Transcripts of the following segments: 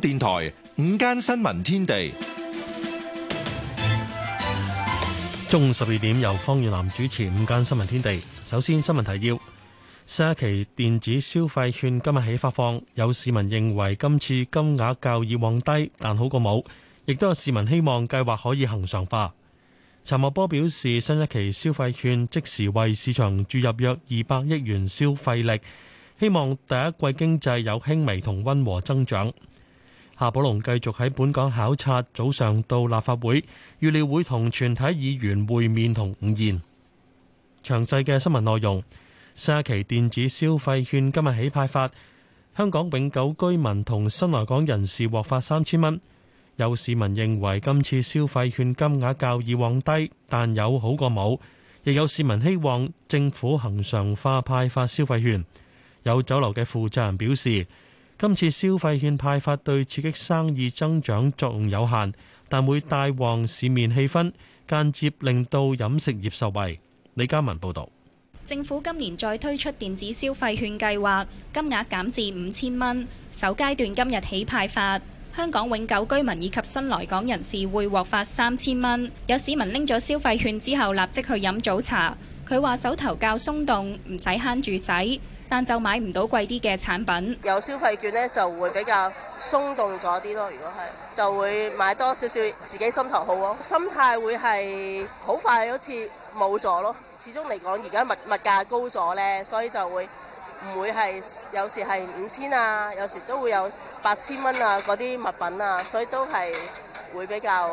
電台午間新聞天地，中午十二點由方宇南主持《午間新聞天地》。首先新聞提要：新一期電子消費券今日起發放，有市民認為今次金額較以往低，但好過冇。亦都有市民希望計劃可以恒常化。陳茂波表示，新一期消費券即時為市場注入約二百億元消費力，希望第一季經濟有輕微同溫和增長。夏寶龍繼續喺本港考察，早上到立法會，預料會同全體議員會面同午宴。詳細嘅新聞內容，四期電子消費券今日起派發，香港永久居民同新來港人士獲發三千蚊。有市民認為今次消費券金額較以往低，但有好過冇。亦有市民希望政府恒常化派發消費券。有酒樓嘅負責人表示。今次消費券派發對刺激生意增長作用有限，但會帶旺市面氣氛，間接令到飲食業受惠。李嘉文報導。政府今年再推出電子消費券計劃，金額減至五千蚊，首階段今日起派發。香港永久居民以及新來港人士會獲發三千蚊。有市民拎咗消費券之後立即去飲早茶，佢話手頭較鬆動，唔使慳住使。但就買唔到貴啲嘅產品，有消費券呢就會比較鬆動咗啲咯。如果係就會買多少少自己心頭好咯，心態會係好快好似冇咗咯。始終嚟講，而家物物價高咗呢，所以就會唔會係有時係五千啊，有時都會有八千蚊啊嗰啲物品啊，所以都係會比較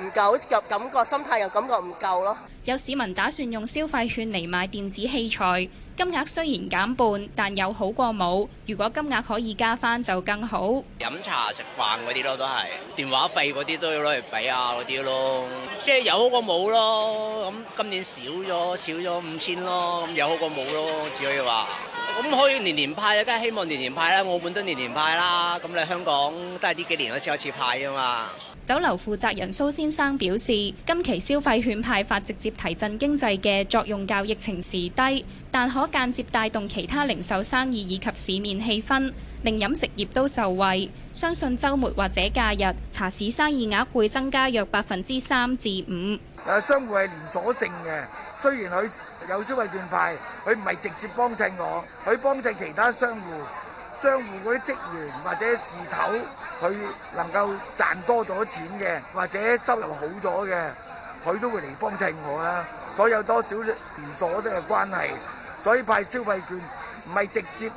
唔夠感感覺心態又感覺唔夠咯。有市民打算用消費券嚟買電子器材。金額雖然減半，但有好過冇。如果金額可以加返就更好。飲茶食飯嗰啲咯，都係電話費嗰啲都要攞嚟畀啊嗰啲咯，即係有好過冇咯。咁今年少咗少咗五千咯，咁有好過冇咯，只可以話。咁可以年年派啊，梗係希望年年派啦，澳門都年年派啦。咁你香港都係呢幾年開始派啊嘛。酒樓負責人蘇先生表示，今期消費券派發直接提振經濟嘅作用較疫情時低，但可間接帶動其他零售生意以及市面氣氛，令飲食業都受惠。相信週末或者假日茶市生意額會增加約百分之三至五。誒，商戶係連鎖性嘅，雖然佢。有消費券派，佢唔係直接幫襯我，佢幫襯其他商戶、商戶嗰啲職員或者事頭，佢能夠賺多咗錢嘅，或者收入好咗嘅，佢都會嚟幫襯我啦。所以有多少連鎖都有關係，所以派消費券唔係直接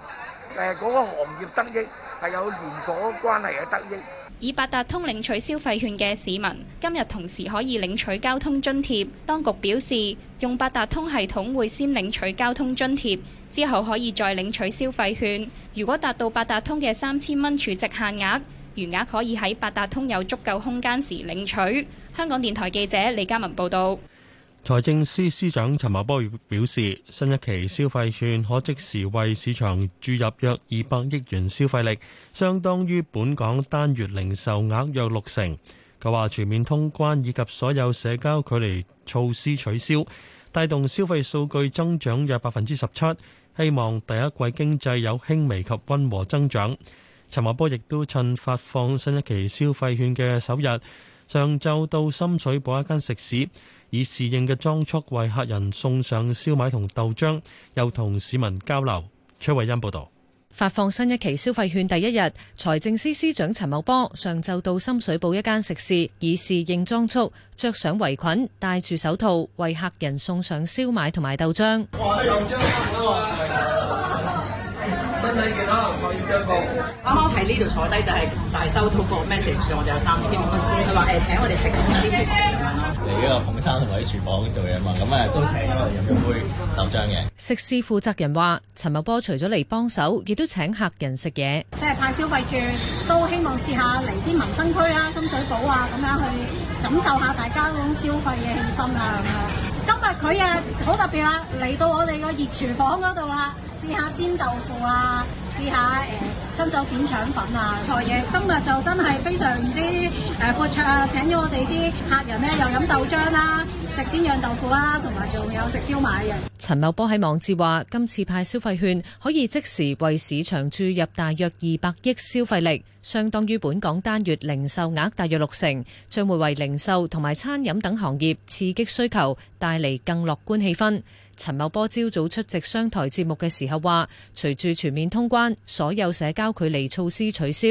誒嗰個行業得益，係有連鎖關係嘅得益。以八達通領取消費券嘅市民，今日同時可以領取交通津貼。當局表示，用八達通系統會先領取交通津貼，之後可以再領取消費券。如果達到八達通嘅三千蚊儲值限額，餘額可以喺八達通有足夠空間時領取。香港電台記者李嘉文報導。財政司司長陳茂波表示，新一期消費券可即時為市場注入約二百億元消費力，相當於本港單月零售額約六成。佢話全面通關以及所有社交距離措施取消，帶動消費數據增長約百分之十七，希望第一季經濟有輕微及温和增長。陳茂波亦都趁發放新一期消費券嘅首日。上晝到深水埗一間食肆，以侍應嘅裝束為客人送上燒賣同豆漿，又同市民交流。崔慧欣報導。發放新一期消費券第一日，財政司司長陳茂波上晝到深水埗一間食肆，以侍應裝束、着上圍裙、戴住手套，為客人送上燒賣同埋豆漿。 身體健康，樂於助人。啱啱喺呢度坐低就係、是、就係、是、收到個、嗯、message，我就有三千蚊。佢話誒請我哋食啲食肆啊個紅衫同埋喺廚房做嘢嘛，咁啊、嗯嗯、都請我嚟飲咗杯豆漿嘅。食肆負責人話：陳茂波除咗嚟幫手，亦都請客人食嘢，即係派消費券，都希望試下嚟啲民生區啊、深水埗啊咁樣去感受下大家嗰種消費嘅氣氛啊。咁樣。今日佢啊好特別啦，嚟到我哋個熱廚房嗰度啦。試下煎豆腐啊，試下誒新、呃、手剪腸粉啊，財爺今日就真係非常之誒闊綽啊，請咗我哋啲客人呢又飲豆漿啦、啊，食鴛鴦豆腐啦、啊，同埋仲有食燒賣嘅。陳茂波喺網誌話，今次派消費券可以即時為市場注入大約二百億消費力，相當於本港單月零售額大約六成，將會為零售同埋餐飲等行業刺激需求，帶嚟更樂觀氣氛。陳茂波朝早出席商台節目嘅時候話，隨住全面通關，所有社交距離措施取消，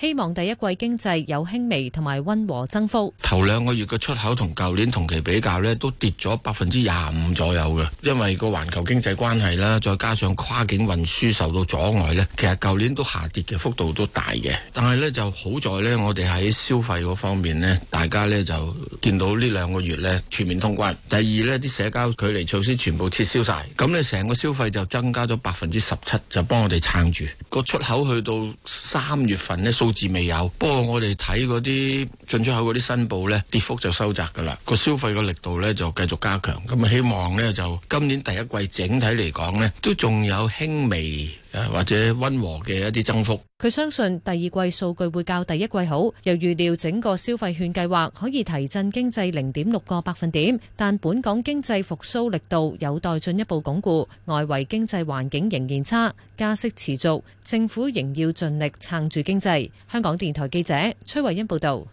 希望第一季經濟有輕微同埋溫和增幅。頭兩個月嘅出口同舊年同期比較呢都跌咗百分之廿五左右嘅，因為個環球經濟關係啦，再加上跨境運輸受到阻礙呢，其實舊年都下跌嘅幅度都大嘅。但係呢，就好在呢，我哋喺消費嗰方面呢，大家呢就見到呢兩個月呢全面通關。第二呢啲社交距離措施全部。撤銷晒，咁呢成個消費就增加咗百分之十七，就幫我哋撐住個出口。去到三月份呢，數字未有，不過我哋睇嗰啲進出口嗰啲申報呢，跌幅，就收窄㗎喇，個消費嘅力度呢，就繼續加強，咁啊希望呢，就今年第一季整體嚟講呢，都仲有輕微。或者溫和嘅一啲增幅，佢相信第二季數據會較第一季好，又預料整個消費券計劃可以提振經濟零點六個百分點，但本港經濟復蘇力度有待進一步鞏固，外圍經濟環境仍然差，加息持續，政府仍要盡力撐住經濟。香港電台記者崔慧欣報道。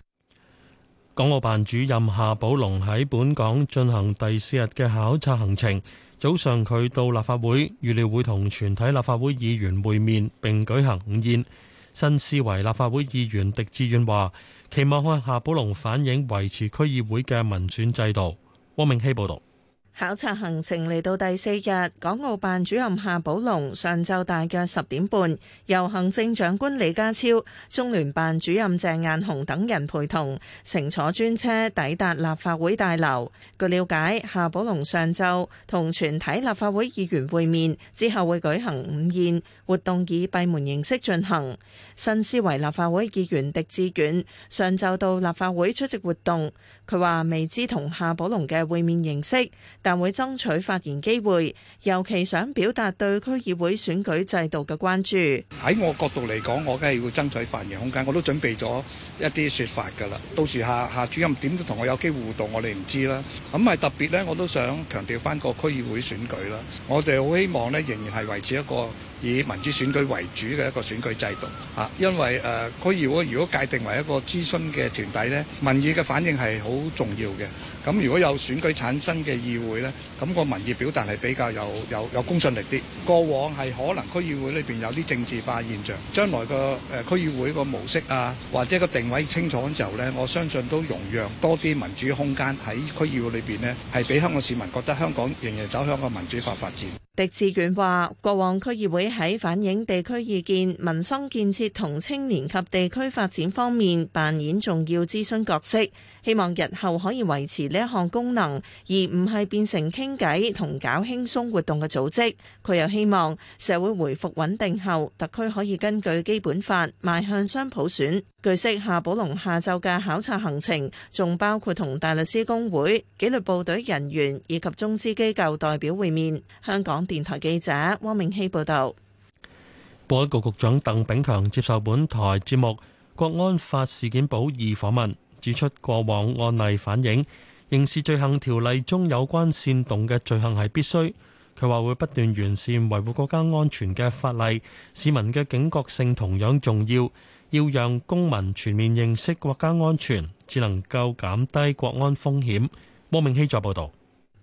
港澳辦主任夏寶龍喺本港進行第四日嘅考察行程。早上佢到立法會，預料會同全體立法會議員會面，並舉行午宴。新思維立法會議員狄志遠話期望向夏寶龍反映維持區議會嘅民選制度。汪明希報道。考察行程嚟到第四日，港澳辦主任夏寶龍上晝大約十點半，由行政長官李家超、中聯辦主任鄭雁雄等人陪同，乘坐專車抵達立法會大樓。據了解，夏寶龍上晝同全體立法會議員會面之後，會舉行午宴，活動以閉門形式進行。新思維立法會議員狄志遠上晝到立法會出席活動。佢話未知同夏寶龍嘅會面形式，但會爭取發言機會，尤其想表達對區議會選舉制度嘅關注。喺我角度嚟講，我梗係要爭取發言空間，我都準備咗一啲説法㗎喇。到時夏夏主任點都同我有機會互動，我哋唔知啦。咁係特別呢，我都想強調翻個區議會選舉啦。我哋好希望呢，仍然係維持一個以民主選舉為主嘅一個選舉制度，啊、因為誒，區、呃、議會如果界定為一個諮詢嘅團體呢，呢民意嘅反應係好重要嘅。咁如果有選舉產生嘅議會呢，咁、那個民意表達係比較有有有公信力啲。過往係可能區議會裏邊有啲政治化現象，將來個區、呃、區議會個模式啊，或者個定位清楚之後呢，我相信都容讓多啲民主空間，喺區議會裏邊呢，係俾香港市民覺得香港仍然走香港民主化發展。狄志遠話：過往區議會喺反映地區意見、民生建設同青年及地區發展方面扮演重要諮詢角色，希望日後可以維持呢一項功能，而唔係變成傾偈同搞輕鬆活動嘅組織。佢又希望社會回復穩定後，特區可以根據基本法邁向雙普選。據悉，夏寶龍下晝嘅考察行程仲包括同大律師公會、紀律部隊人員以及中資機構代表會面。香港電台記者汪明熙報道。保安局局長鄧炳強接受本台節目《國安法事件簿二》訪問，指出過往案例反映刑事罪行條例中有關煽動嘅罪行係必須。佢話會不斷完善維護國家安全嘅法例，市民嘅警覺性同樣重要。要讓公民全面認識國家安全，先能夠減低國安風險。汪明熙再報道，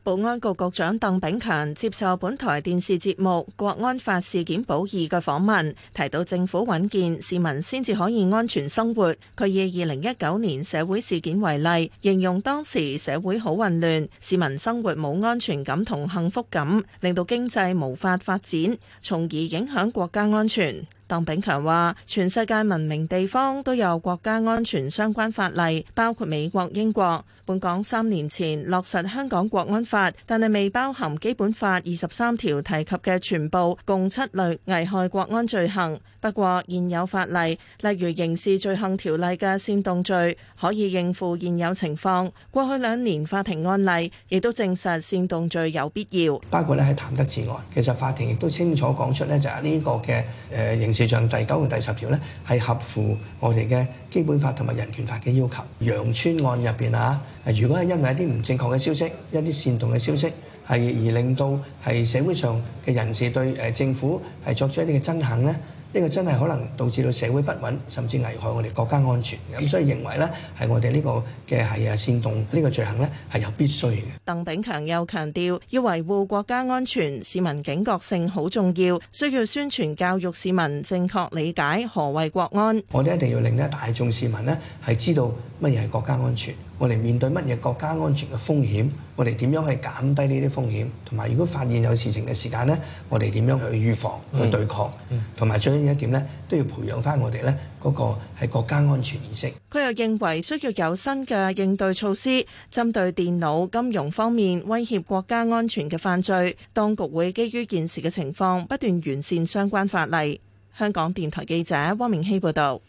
保安局局長鄧炳強接受本台電視節目《國安法事件保議》嘅訪問，提到政府穩健，市民先至可以安全生活。佢以二零一九年社會事件為例，形容當時社會好混亂，市民生活冇安全感同幸福感，令到經濟無法發展，從而影響國家安全。鄧炳強話：全世界文明地方都有國家安全相關法例，包括美國、英國。本港三年前落實香港國安法，但係未包含基本法二十三條提及嘅全部共七類危害國安罪行。不過現有法例，例如刑事罪行條例嘅煽動罪，可以應付現有情況。過去兩年法庭案例亦都證實煽動罪有必要。包括咧喺譚得志案，其實法庭亦都清楚講出咧就係、是、呢個嘅誒、呃、刑事。像第九同第十條呢，係合乎我哋嘅基本法同埋人權法嘅要求。楊村案入邊啊，如果係因為一啲唔正確嘅消息、一啲煽動嘅消息，係而令到係社會上嘅人士對誒政府係作出一啲嘅憎恨呢，呢個真係可能導致到社會不穩，甚至危害我哋國家安全嘅，咁所以認為咧、這個，係我哋呢個嘅係啊煽動呢個罪行咧，係有必須嘅。鄧炳強又強調，要維護國家安全，市民警覺性好重要，需要宣傳教育市民正確理解何為國安。我哋一定要令咧大眾市民咧係知道乜嘢係國家安全。我哋面對乜嘢國家安全嘅風險？我哋點樣去減低呢啲風險？同埋，如果發現有事情嘅時間呢，我哋點樣去預防、嗯、去對抗？同埋，最重要一點呢，都要培養翻我哋呢嗰個係國家安全意識。佢又認為需要有新嘅應對措施，針對電腦金融方面威脅國家安全嘅犯罪，當局會基於現時嘅情況不斷完善相關法例。香港電台記者汪明熙報導。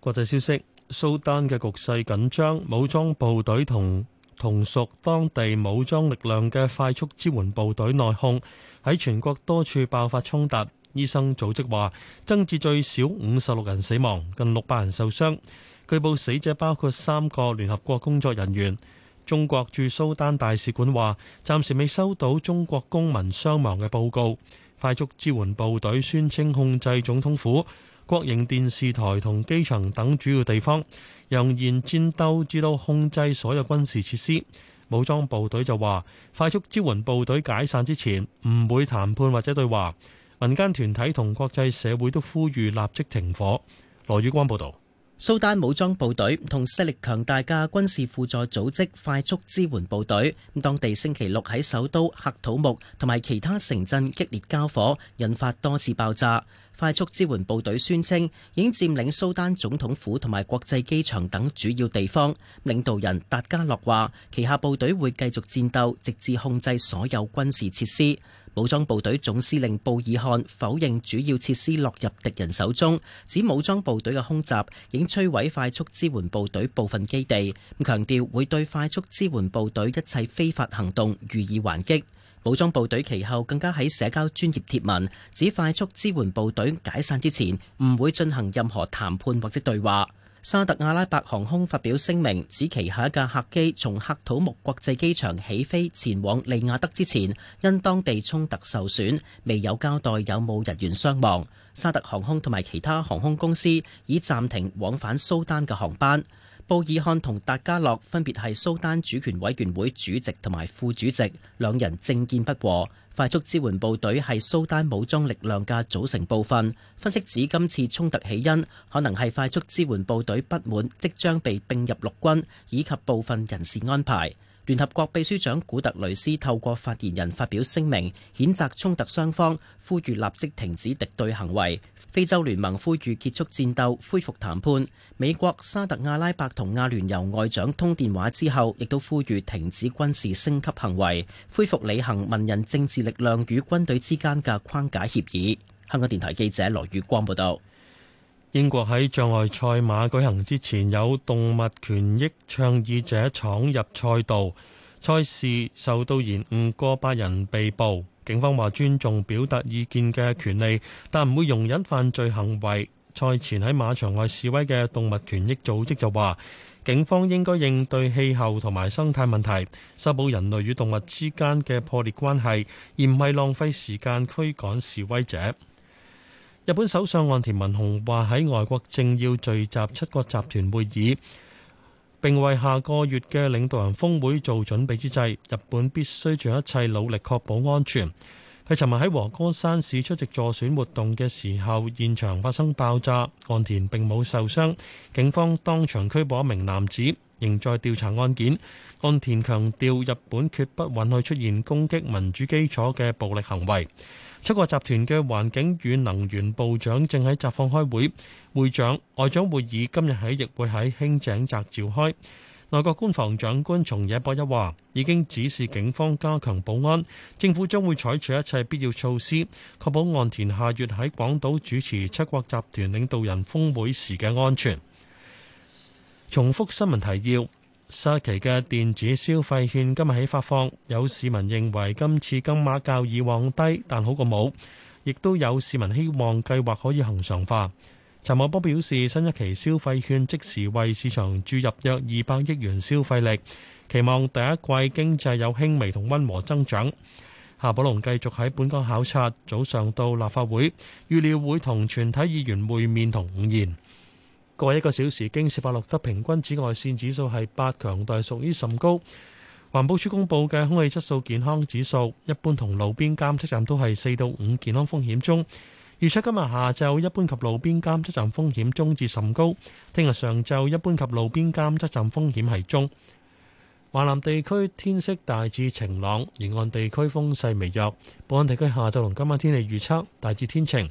國際消息。蘇丹嘅局勢緊張，武裝部隊同同屬當地武裝力量嘅快速支援部隊內訌喺全國多處爆發衝突。醫生組織話增至最少五十六人死亡，近六百人受傷。據報死者包括三個聯合國工作人員。中國駐蘇丹大使館話暫時未收到中國公民傷亡嘅報告。快速支援部隊宣稱控制總統府。國營電視台同機場等主要地方，仍然戰鬥至到控制所有軍事設施。武裝部隊就話：快速支援部隊解散之前，唔會談判或者對話。民間團體同國際社會都呼籲立即停火。羅宇光報道。蘇丹武裝部隊同勢力強大嘅軍事輔助組織快速支援部隊，當地星期六喺首都黑土木同埋其他城鎮激烈交火，引發多次爆炸。快速支援部隊宣稱已經佔領蘇丹總統府同埋國際機場等主要地方。領導人達加洛話，旗下部隊會繼續戰鬥，直至控制所有軍事設施。武裝部隊總司令布爾漢否認主要設施落入敵人手中，指武裝部隊嘅空襲已經摧毀快速支援部隊部分基地，強調會對快速支援部隊一切非法行動予以還擊。武裝部隊其後更加喺社交專業貼文指快速支援部隊解散之前唔會進行任何談判或者對話。沙特阿拉伯航空發表聲明，指旗下一架客機從喀土穆國際機場起飛前往利雅得之前，因當地衝突受損，未有交代有冇人員傷亡。沙特航空同埋其他航空公司已暫停往返蘇丹嘅航班。布爾漢同達加洛分別係蘇丹主權委員會主席同埋副主席，兩人政見不和。快速支援部隊係蘇丹武裝力量嘅組成部分。分析指今次衝突起因，可能係快速支援部隊不滿即將被並入陸軍，以及部分人事安排。聯合國秘書長古特雷斯透過發言人發表聲明，譴責衝突雙方，呼籲立即停止敵對行為。非洲聯盟呼籲結束戰鬥，恢復談判。美國、沙特阿拉伯同阿聯酋外長通電話之後，亦都呼籲停止軍事升級行為，恢復履行文人政治力量與軍隊之間嘅框架協議。香港電台記者羅宇光報道。英國喺障礙賽馬舉行之前，有動物權益倡議者闖入賽道，賽事受到延誤，過百人被捕。警方話尊重表達意見嘅權利，但唔會容忍犯罪行為。賽前喺馬場外示威嘅動物權益組織就話，警方應該應對氣候同埋生態問題，修補人類與動物之間嘅破裂關係，而唔係浪費時間驅趕示威者。日本首相岸田文雄話喺外國政要聚集七國集團會議，並為下個月嘅領導人峰會做準備之際，日本必須盡一切努力確保安全。佢尋日喺和歌山市出席助選活動嘅時候，現場發生爆炸，岸田並冇受傷，警方當場拘捕一名男子，仍在調查案件。岸田強調，日本決不允許出現攻擊民主基礎嘅暴力行為。七國集團嘅環境與能源部長正喺集放開會，會長外長會議今日起亦會喺輕井澤召開。內閣官房長官松野博一話，已經指示警方加強保安，政府將會採取一切必要措施，確保岸田下月喺廣島主持七國集團領導人峰會時嘅安全。重複新聞提要。新一期嘅電子消費券今日起發放，有市民認為今次金額較以往低，但好過冇；亦都有市民希望計劃可以恆常化。陳茂波表示，新一期消費券即時為市場注入約二百億元消費力，期望第一季經濟有輕微同温和增長。夏寶龍繼續喺本港考察，早上到立法會，預料會同全體議員會面同午宴。過一個小時，京士柏錄得，平均紫外線指數係八，強度屬於甚高。環保署公布嘅空氣質素健康指數，一般同路邊監測站都係四到五，健康風險中。預測今日下晝一般及路邊監測站風險中至甚高，聽日上晝一般及路邊監測站風險係中。華南地區天色大致晴朗，沿岸地區風勢微弱。本港地區下晝同今晚天氣預測大致天晴。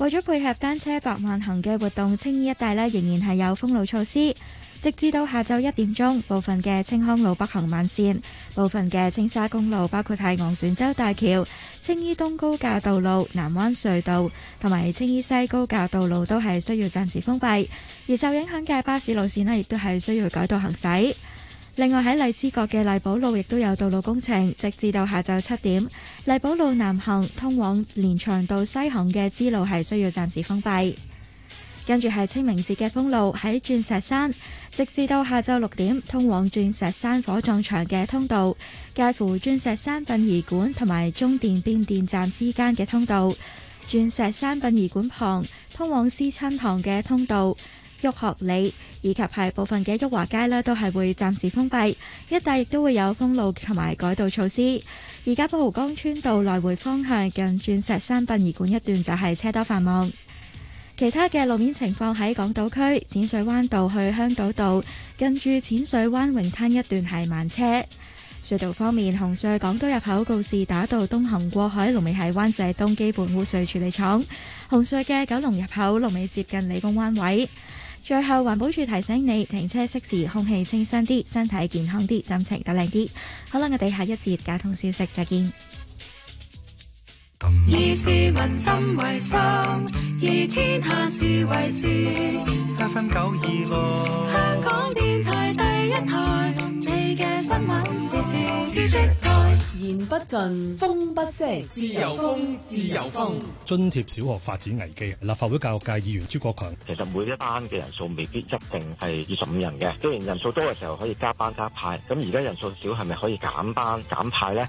為咗配合單車百萬行嘅活動，青衣一帶呢仍然係有封路措施，直至到下晝一點鐘。部分嘅青康路北行慢綫、部分嘅青沙公路，包括太昂船洲大橋、青衣東高架道路、南灣隧道同埋青衣西高架道路都係需要暫時封閉，而受影響嘅巴士路綫呢，亦都係需要改道行駛。另外喺荔枝角嘅荔寶路亦都有道路工程，直至到下晝七點。荔寶路南行通往連翔道西行嘅支路係需要暫時封閉。跟住係清明節嘅封路喺鑽石山，直至到下晝六點，通往鑽石山火葬場嘅通道，介乎鑽石山殯儀館同埋中電變電站之間嘅通道，鑽石山殯儀館旁通往思親堂嘅通道。裕學里以及係部分嘅裕華街都係會暫時封閉。一帶亦都會有封路同埋改道措施。而家寶湖江村道來回方向近鑽石山殯儀館一段就係車多繁忙。其他嘅路面情況，喺港島區淺水灣道去香島道，近住淺水灣泳灘一段係慢車。隧道方面，紅隧港島入口告士打道東行過海，龍尾喺灣仔東基本污水處理廠；紅隧嘅九龍入口龍尾接近理工灣位。最後，環保處提醒你，停車熄匙，空氣清新啲，身體健康啲，心情都靚啲。好啦，我哋下一節交通消息再見。以市民心為心，以天下事為事，八分九二六，香港電台第一台。言不盡，風不息，自由風，自由風。津貼小學發展危機，立法會教育界議員朱國強。其實每一班嘅人數未必一定係二十五人嘅，既然人數多嘅時候可以加班加派，咁而家人數少係咪可以減班減派咧？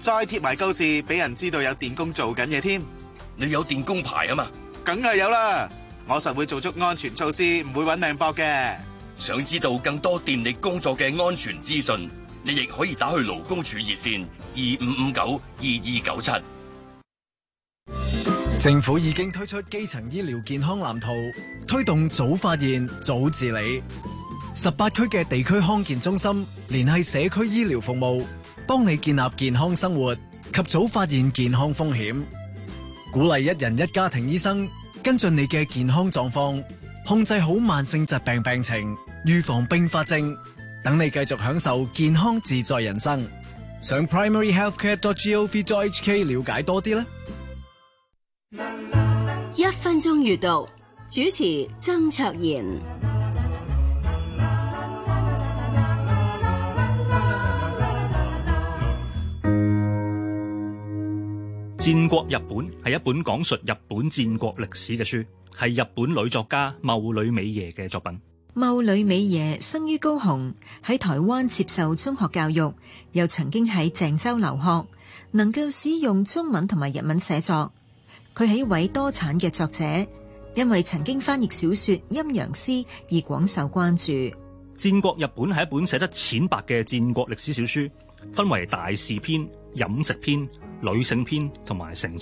再貼埋告示，俾人知道有電工做緊嘢添。你有電工牌啊嘛？梗係有啦。我實會做足安全措施，唔會揾命搏嘅。想知道更多電力工作嘅安全資訊，你亦可以打去勞工處熱線二五五九二二九七。政府已經推出基層醫療健康藍圖，推動早發現、早治理。十八區嘅地區康健中心聯繫社區醫療服務。幫你建立健康生活，及早發現健康風險，鼓勵一人一家庭醫生跟進你嘅健康狀況，控制好慢性疾病病情，預防併發症，等你繼續享受健康自在人生。上 primaryhealthcare.gov.hk 了解多啲啦。一分鐘閱讀，主持曾卓賢。戰國日本係一本講述日本戰國歷史嘅書，係日本女作家茂呂美耶嘅作品。茂呂美耶生於高雄，喺台灣接受中學教育，又曾經喺鄭州留學，能夠使用中文同埋日文寫作。佢係一位多產嘅作者，因為曾經翻譯小說《陰陽師》而廣受關注。戰國日本係一本寫得淺白嘅戰國歷史小書，分為大事篇、飲食篇。女性篇同埋成。